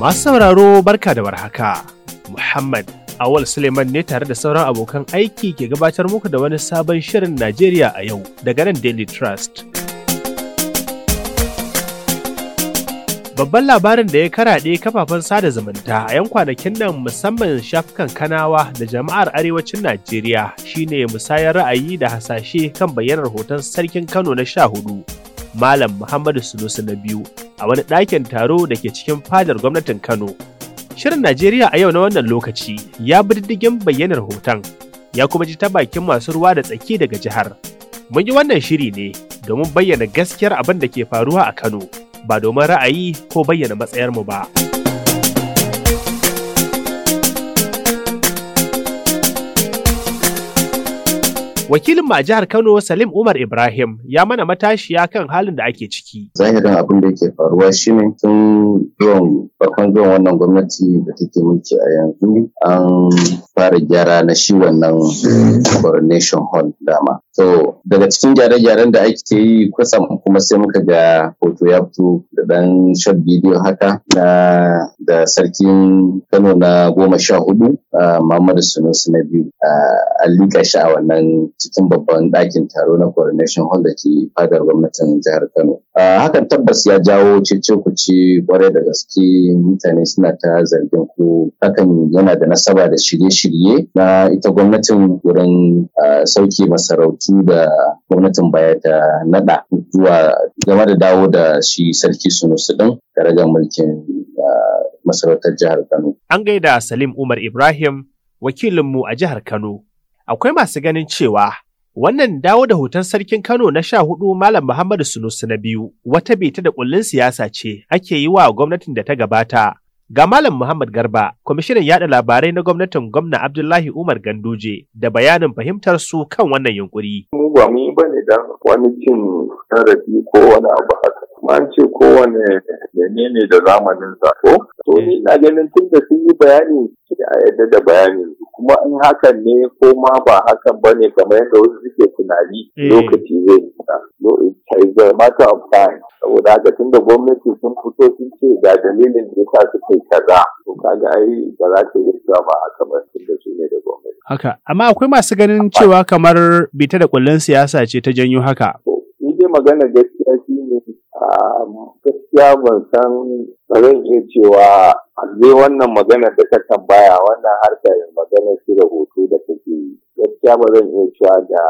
Masu sauraro barka da warhaka. Muhammad Awal Suleiman ne tare da sauran abokan aiki ke gabatar muku da wani sabon shirin Najeriya a yau daga nan Daily Trust. Babban labarin da ya karaɗe kafafen sada zumunta a 'yan kwanakin nan musamman shafukan kanawa da jama'ar arewacin Najeriya shine musayar ra'ayi da hasashe kan bayyanar hoton sarkin Kano na sha hudu, Malam Muhammadu Sunusu na biyu a wani ɗakin taro da ke cikin fadar gwamnatin Kano. Shirin Najeriya a yau na wannan lokaci ya bi diddigin bayyanar hoton ya kuma ji ta bakin masu ruwa da tsaki daga jihar. Mun yi wannan shiri ne domin bayyana gaskiyar abin da ke faruwa a Kano, ba domin ra'ayi ko bayyana matsayarmu ba. Wakilin ma jihar Kano Salim Umar Ibrahim ya mana matashiya kan halin da ake ciki. Zahirin abin da yake faruwa shi ne tun zuwan farkon zuwan wannan gwamnati da take mulki a yanzu an fara gyara na shi wannan coronation hall dama. So daga cikin gyare-gyaren da ake yi kusan kuma sai muka ga hoto ya fito da ɗan shot bidiyo haka na da sarkin Kano na goma sha hudu a Muhammadu Sunusi na biyu a liƙa shi a wannan cikin babban ɗakin taro na Coronation Hall da ke fadar gwamnatin jihar Kano. Hakan tabbas ya jawo cece ci kwarai da gaske mutane suna ta zargin ko hakan yana da nasaba da shirye-shirye na ita gwamnatin wurin sauke masarautu su da gwamnatin baya ta naɗa zuwa game da dawo da shi sarki sunusu ɗin da mulkin masarautar jihar Kano. An gaida Salim Umar Ibrahim wakilinmu a jihar Kano. Akwai masu ganin cewa wannan dawo da hoton sarkin Kano na sha hudu Malam Muhammadu Sunusi na biyu wata bita da kullun siyasa ce ake yi wa gwamnatin da ta gabata Ga Malam Muhammad Garba, kwamishinan yaɗa labarai na gwamnatin gwamna Abdullahi Umar Ganduje da bayanin fahimtar su kan wannan yunkuri. Mu ba mu da bane da wani cin tarafi ko wani abu haka. kuma an ce kowane menene da zamanin sa ko to ni na ganin tun da sun yi bayani a yadda da bayani kuma in hakan ne ko ma ba hakan ba ne kamar yadda wasu suke tunani eh. lokaci zai nuna is matter of time saboda haka tun da gwamnati sun fito sun ce ga dalilin da yasa suke kaza to kaga ai ba za ta yi ba haka ba tun da su ne da gwamnati haka amma akwai masu ganin cewa kamar bita da kullun siyasa ce ta janyo haka ni dai magana gaskiya gaskiya ban san ba zan iya cewa zai wannan magana da ka tambaya wannan harkar magana shi da hoto da kake gaskiya ba zan iya cewa da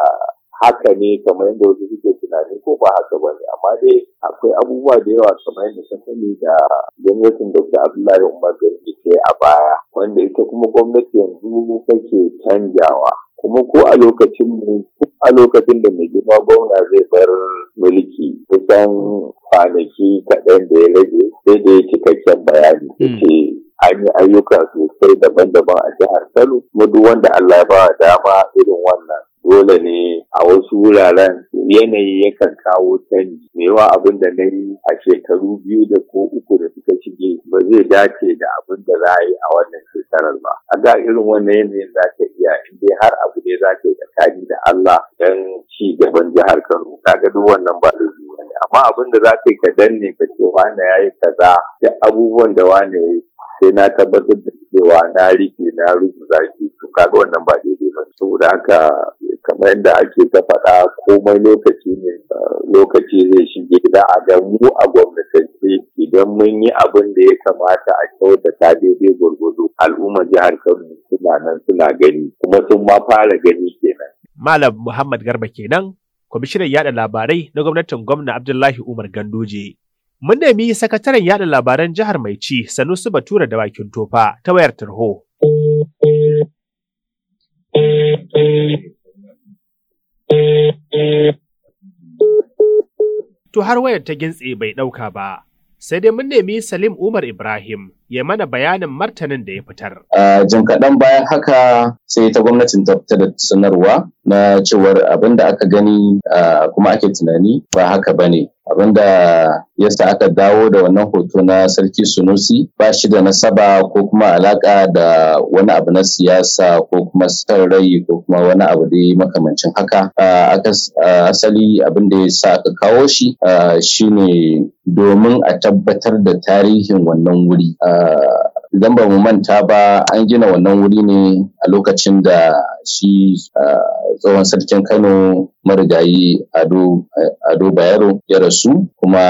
haka ne kamar yadda wasu suke tunani ko ba haka ba ne amma dai akwai abubuwa da yawa kamar yadda ka sani da gwamnatin dr abdullahi umar da ke a baya wanda ita kuma gwamnati yanzu kake canjawa kuma ko a lokacin mu a lokacin da mai girma gwamna zai bar mulki kusan kwanaki kaɗan da ya rage sai da ya cikakken bayani hmm. ce an yi ayyuka sosai daban-daban a jihar Kano kuma duk wanda Allah ya ba dama irin wannan dole ne a wasu wuraren yanayi yakan kawo canji me yawa abin da na yi a shekaru biyu da ko uku da suka shige ba zai dace da abin da za a yi a wannan shekarar ba a ga irin wannan yanayin za ka iya in dai har abu ne za ka yi tsakani da Allah don ci gaban jihar Kano ga duk wannan ba da zuwa ne amma abin da za ka yi ka danne ka ce wane ya yi kaza duk abubuwan da wane ya yi sai na tabbatar da cewa na rike na rubuta shi to kaga wannan ba daidai ba saboda haka kamar yadda ake ta faɗa komai lokaci ne lokaci zai shige za a ga mu a gwamnatance idan mun yi abin da ya kamata a ta daidai gwargwado al'ummar jihar Kano suna nan suna gani kuma sun ma fara gani kenan. Malam Muhammad Garba kenan kwamishinan yada labarai na gwamnatin gwamna Abdullahi Umar gandoje Mun nemi sakataren yada labaran jihar mai ci Sanusi Batura da bakin tofa ta wayar tarho. To har wayar ta gintse bai ɗauka ba, sai dai mun nemi Salim Umar Ibrahim ya mana bayanin martanin da ya fitar. Jin kaɗan bayan haka sai ta gwamnatin ta da sanarwa na cewar abin da aka gani kuma ake tunani ba haka ba ne. abinda ya sa aka dawo da wannan hoto na sarki sunusi ba shi da nasaba ko kuma alaka da wani abu na siyasa ko kuma san rai ko kuma wani abu dai makamancin haka asali abinda ya sa aka kawo shi shine domin a tabbatar da tarihin wannan wuri idan ba mu manta ba an gina wannan wuri ne a lokacin da shi tsohon sarkin kano marigayi ado bayero ya rasu kuma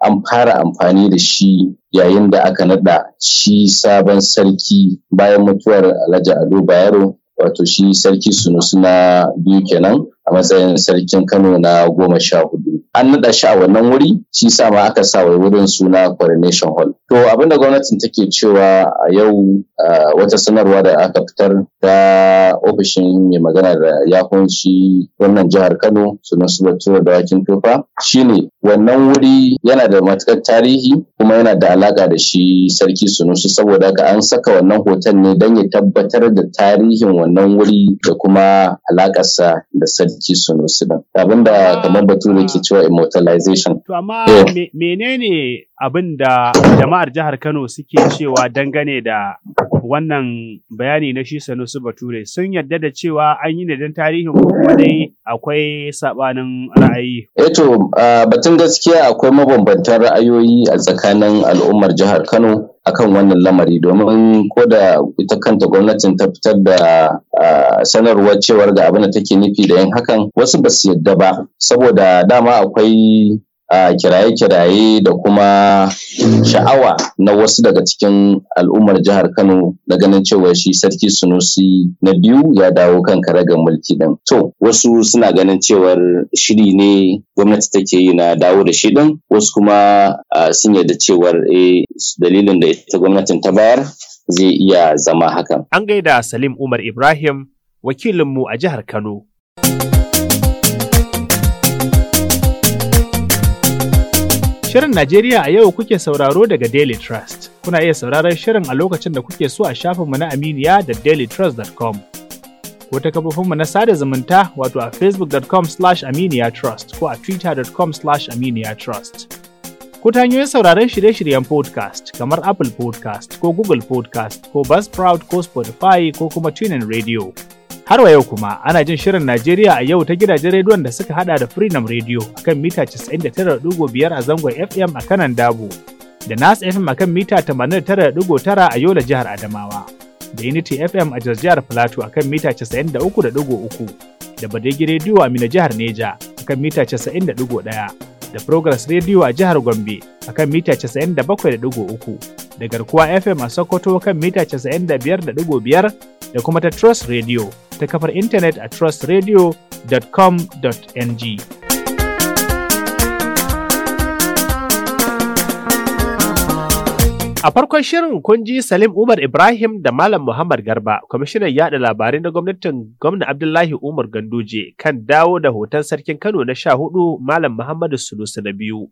an fara amfani da shi yayin da aka naɗa shi sabon sarki bayan mutuwar alhaji ado bayero wato shi sarki sunusu na biyu kenan a matsayin sarkin Kano na goma sha hudu. An naɗa shi a wannan wuri, shi sa ma aka sa wa wurin suna Coronation Hall. To abinda gwamnatin take cewa a yau wata sanarwa da aka fitar da ofishin mai magana da ya kunshi wannan jihar Kano sunan su da wakin tofa shine wannan wuri yana da matukar tarihi kuma yana da alaka da shi sarki sunusu saboda haka an saka wannan hoton ne don ya tabbatar da tarihin wannan wuri da kuma alakarsa da sarki. jiki abin da ah. kamar bature ke cewa immortalization. To amma eh. menene abin da jama'ar jihar Kano suke cewa dangane da wannan bayani na shi Sanusi Bature sun yarda da cewa an yi ne dan tarihin kuma dai akwai sabanin ra'ayi. Eto eh batun gaskiya akwai mabambantan ra'ayoyi a tsakanin al'ummar jihar Kano. akan wannan lamari domin ko da ita kanta gwamnatin ta fitar da sanarwar cewar ga abin da take nufi da yin hakan wasu ba su yadda ba saboda dama akwai a kiraye-kiraye da kuma sha'awa na wasu daga cikin al'ummar jihar Kano na ganin cewa shi sarki Sunusi na biyu ya dawo kan karagar mulki din. To wasu suna ganin cewar shiri ne gwamnati take yi na dawo da shi din wasu kuma sun yarda cewar eh dalilin da ita gwamnatin ta bayar zai iya zama hakan. An gaida Salim Umar Ibrahim wakilinmu a jihar Kano. Shirin Najeriya a yau kuke sauraro daga Daily Trust. Kuna iya sauraron shirin a lokacin da kuke so a shafinmu na Aminiya da dailytrust.com. Ko ta kafofinmu na sada zumunta wato a facebook.com slash aminiyatrust ko a twitter.com slash aminiyatrust. Ko ta hanyoyin sauraron shirye-shiryen podcast kamar Apple podcast ko Google podcast ko Buzzsprout ko Spotify ko kuma TuneIn Radio. Har wa yau kuma ana jin shirin Najeriya a yau ta gidajen rediyon da suka hada da Freedom Radio kan mita 99.5 a zangon FM a kanan Dabo, da Nas FM a kan mita 89.9 a Yola jihar Adamawa, da Unity FM a jihar Plateau kan mita 93.3, da Badegi Radio a Mina jihar Neja a kan mita 90.1, da Progress Radio a jihar Gombe a kan mita 97.3. da garkuwa FM a Sokoto kan mita 95.5 da kuma ta Trust Radio ta kafar intanet a trustradio.com.ng. A farkon shirin kun ji Salim Umar Ibrahim da Malam Muhammad Garba, kwamishinan yada labarai na gwamnatin gwamna Abdullahi Umar Ganduje kan dawo da hoton sarkin Kano na sha hudu Malam Muhammadu Sulusu na biyu.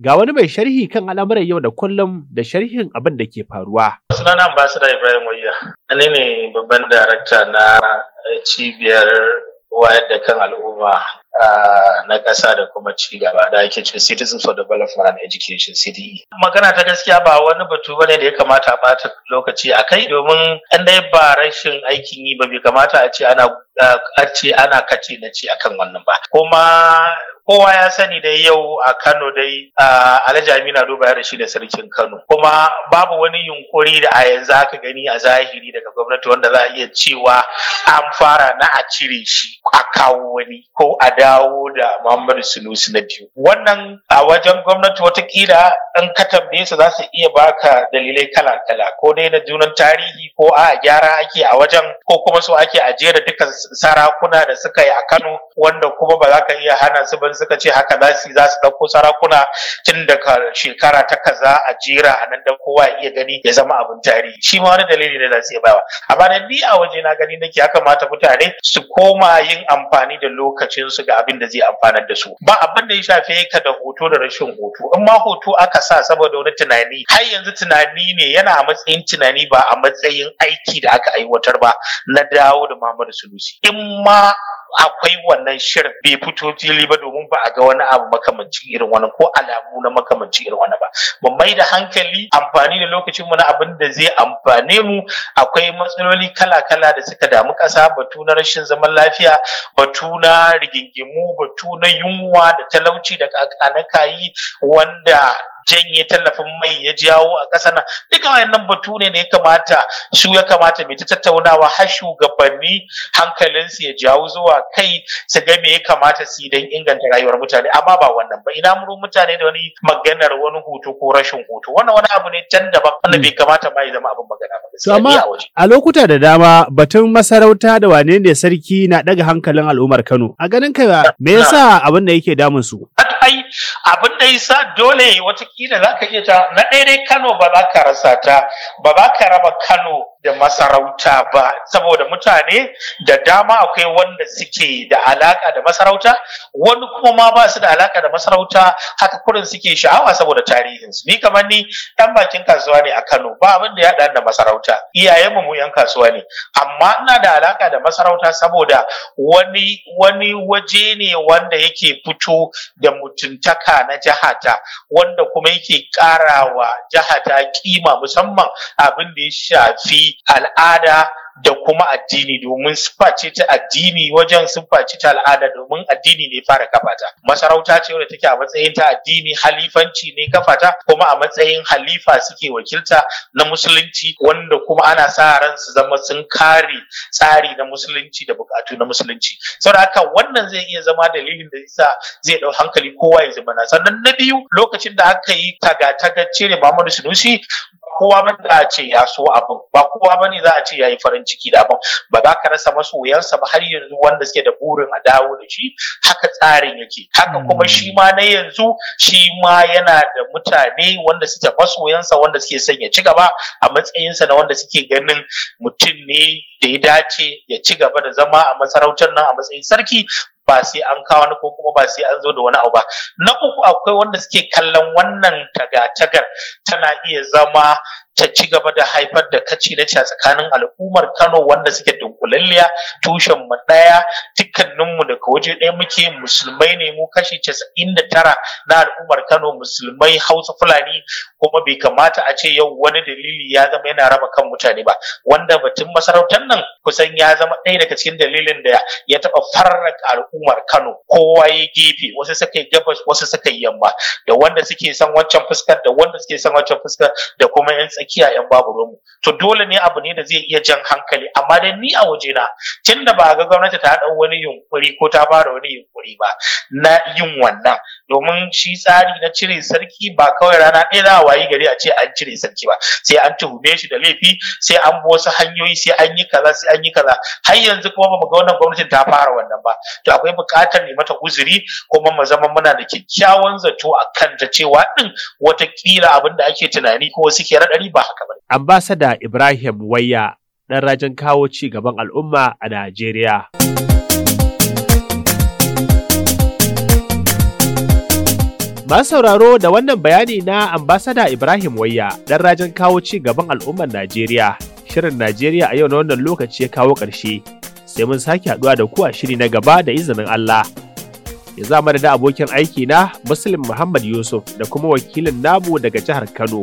Ga wani mai sharhi kan al'amuran yau da kullum da sharhin abin da ke faruwa. Sunana Ambassador Ibrahim Wayya, ni ne babban darakta na cibiyar wayar da kan al'umma na kasa da kuma ci gaba da ake ce Citizens for Development and Education CDE. Magana ta gaskiya ba wani batu bane da ya kamata a bata lokaci a kai domin an dai ba rashin aikin yi ba bai kamata a ce ana a kace na ce akan wannan ba. Kuma kowa ya sani da yau a Kano dai Alhaji Amina Ado da shi da sarkin Kano kuma babu wani yunkuri da a yanzu aka gani a zahiri daga gwamnati wanda za a iya cewa an fara na a cire shi a kawo wani ko a dawo da Muhammadu Sunusi na biyu wannan a wajen gwamnati watakila in ka tambaye su za su iya baka dalilai kala-kala ko dai na junan tarihi ko a gyara ake a wajen ko kuma so ake a jera duka sarakuna da suka yi a Kano wanda kuma ba za ka iya hana su ba suka ce haka za su za su ɗauko sarakuna tun daga shekara ta kaza a jera a nan da kowa ya iya gani ya zama abin tarihi shi ma wani dalili ne za su iya bawa amma da ni a waje na gani nake haka kamata mutane su koma yin amfani da lokacin su ga abin da zai amfanar da su ba abin da ya shafe ka da hoto da rashin hoto in ma hoto aka sa saboda wani tunani har yanzu tunani ne yana a matsayin tunani ba a matsayin aiki da aka aiwatar ba na dawo da Muhammadu Sulusi in ma akwai wannan shirin bai fito fili ba domin ba a ga wani abu makamancin irin wani ko alamu na makamancin irin wani ba mu mai da hankali amfani da lokacin mu na abin da zai amfane mu akwai matsaloli kala-kala da suka damu ƙasa batu na rashin zaman lafiya batu na rigingimu batu na yunwa da talauci da kayi wanda janye tallafin mai ya jawo a ƙasar nan duka wayannan batu ne da ya kamata su ya kamata mai ta tattaunawa har shugabanni hankalinsu ya jawo zuwa kai su ga me ya kamata su don inganta rayuwar mutane amma ba wannan ba ina muru mutane da wani maganar wani hutu ko rashin hutu wannan wani abu ne can ba wanda bai kamata ma ya zama abin magana ba amma a lokuta da dama batun masarauta da wane ne sarki na daga hankalin al'ummar Kano a ganin kai me yasa abin da yake damun su ai abin da yasa dole watakila za ka iya ta na ɗaya kano ba za ka rasa ta ba za ka raba kano da masarauta ba saboda mutane da dama akwai wanda suke da alaka da masarauta wani kuma ma ba su da alaka da masarauta haka kurin suke sha'awa saboda tarihinsu ni kamar ni ɗan bakin kasuwa ne a kano ba abin da ya ɗan da masarauta iyayenmu mu yan kasuwa ne amma ina da alaka da masarauta saboda wani wani waje ne wanda yake fito da mutum dangantaka na jihata wanda kuma yake ƙarawa jahata kima musamman abin da ya shafi al'ada da kuma addini domin su face ta addini wajen su face ta al'ada domin addini ne fara kafa ta masarauta ce wadda take a matsayin ta addini halifanci ne kafata kuma a matsayin halifa suke wakilta na musulunci wanda kuma ana sa ran su zama sun kare tsari na musulunci da bukatu na musulunci saboda haka wannan zai iya zama dalilin da yasa zai dau hankali kowa ya zama na sannan na biyu lokacin da aka yi taga-tagar cire Muhammadu Sunusi kowa ba za a ce ya so abin ba kowa ba ne za a ce ya yi farin ciki da abin ba za ka rasa masoyansa ba har yanzu wanda suke da burin a dawo da shi haka tsarin yake haka hmm. kuma shi ma na yanzu shi ma yana da mutane wanda suke masoyansa wanda suke son ya ci gaba a matsayinsa na wanda suke ganin mutum ne da ya dace ya ci gaba da zama a masarautar nan a matsayin sarki ba sai an kawo wani ko kuma ba sai an zo da wani abu ba na uku akwai wanda suke kallon wannan tagatagar tana iya zama ta ci gaba da haifar da kaci na cewa tsakanin al'ummar Kano wanda suke dunkulalliya tushen mu daya dukkanin mu daga waje ɗaya muke musulmai ne mu kashi 99 na al'ummar Kano musulmai Hausa Fulani kuma bai kamata a ce yau wani dalili ya zama yana raba kan mutane ba wanda batun masarautar nan kusan ya zama ɗaya daga cikin dalilin da ya taɓa farraka al'ummar Kano kowa ya gefe wasu suka yi gabas wasu suka yi yamma da wanda suke son wancan fuskar da wanda suke son wancan fuskar da kuma 'yan tsaki kiyayen babu ruwanmu to dole ne abu ne da zai iya jan hankali amma dai ni a waje na, tunda ba ga gwamnati ta hada wani yunkuri ko ta fara wani yunkuri ba na yin wannan domin shi tsari na cire sarki ba kawai rana ɗaya za a wayi gari a ce an cire sarki ba sai an tuhume shi da laifi sai an bi wasu hanyoyi sai an yi kaza sai an yi kaza har yanzu kuma ba mu ga wannan gwamnatin ta fara wannan ba to akwai buƙatar ne mata uzuri kuma mu zama muna da kyakkyawan zato a kanta cewa ɗin watakila abin da ake tunani ko wasu ke raɗari ba haka ba. Ambasada Ibrahim Wayya ɗan rajin kawo ci gaban al'umma a Najeriya. Masu sauraro da wannan bayani na ambasada Ibrahim Wayya ɗan rajin kawo ci gaban al'ummar Najeriya. Shirin Najeriya a yau na wannan lokaci ya kawo ƙarshe. Sai mun sake haɗuwa da ku a shiri na gaba da izinin Allah. ya zama da abokin aiki na Muslim Muhammad Yusuf da kuma wakilin namu daga jihar Kano.